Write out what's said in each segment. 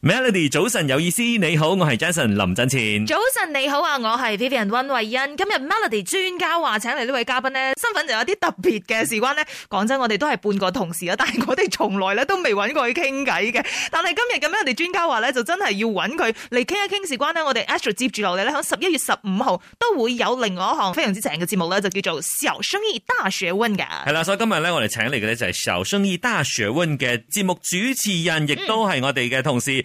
Melody 早晨有意思，你好，我係 Jason 林振前。早晨你好啊，我係 Vivian 溫慧欣。今日 Melody 專家話請嚟呢位嘉賓呢，身份就有啲特別嘅。事關呢講真，我哋都係半個同事啊，但係我哋從來咧都未揾過佢傾偈嘅。但係今日咁樣，我哋專家話咧，就真係要揾佢嚟傾一傾。事關呢我哋 Astro 接住落嚟咧，響十一月十五號都會有另外一項非常之正嘅節目咧，就叫做《小生意大學問》嘅。係啦，所以今日咧，就是，我哋請嚟嘅咧就係《小生意大學問》嘅節目主持人，亦都係我哋嘅同事。嗯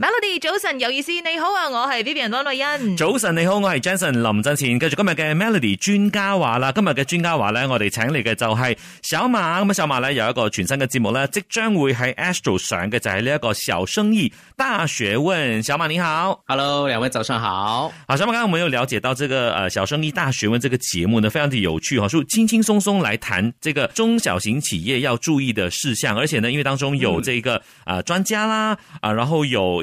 Melody 早晨有意思，你好啊，我係 Vivian 安麗欣。早晨你好，我係 Jason 林振前。繼續今日嘅 Melody 專家話啦，今日嘅專家話咧，我哋請嚟嘅就係小馬。咁小馬咧有一個全新嘅節目咧，即將會喺 Astro 上嘅就係呢一個小生意大學問。小馬你好，Hello，兩位早上好。好，小馬剛剛我們有了解到，這個誒小生意大學問，這個節目呢非常之有趣，哈，以，輕輕鬆鬆來談這個中小型企業要注意的事項，而且呢，因為當中有這個、嗯、啊專家啦，啊，然後有。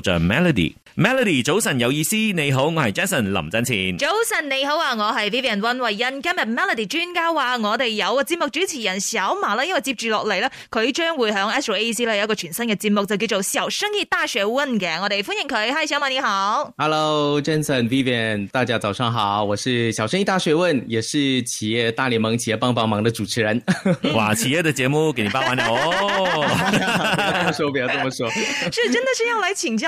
做 Melody，Melody Mel 早晨有意思，你好，我係 Jason 林振前，早晨你好啊，我係 Vivian 溫慧欣。今日 Melody 專家話我哋有個節目主持人小馬啦，因為接住落嚟咧，佢將會響 H A C 啦，有一個全新嘅節目，就叫做小生意大學問嘅。我哋歡迎佢，Hi 小馬你好。Hello，Jason，Vivian，大家早上好，我是小生意大學問，也是企業大聯盟企業幫幫忙的主持人。 哇，企業的節目給你辦完了哦。不要這麼說，是真的是要來請教。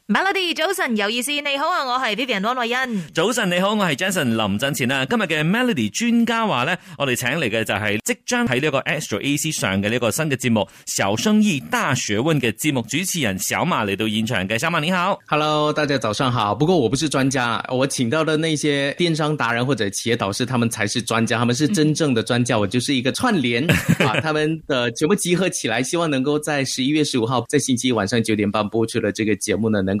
Melody 早晨有意思，你好啊，我係 Vivian 安慧欣。早晨你好，我係 Jason 林振前啊。今日嘅 Melody 專家話咧，我哋請嚟嘅就係即將喺呢個 Astro AEC 上嘅呢個新嘅節目《小生意大學問》嘅節目主持人小馬嚟到現場嘅，小馬你好。 Hello，大家早上好。不過我不是專家，我請到的那些電商達人或者企業導師，他們才是專家，他們是真正的專家。我就是一個串聯，把、 啊、他們的、呃、全部集合起來，希望能夠在十一月十五號在星期一晚上九點半播出嘅這個節目呢，能。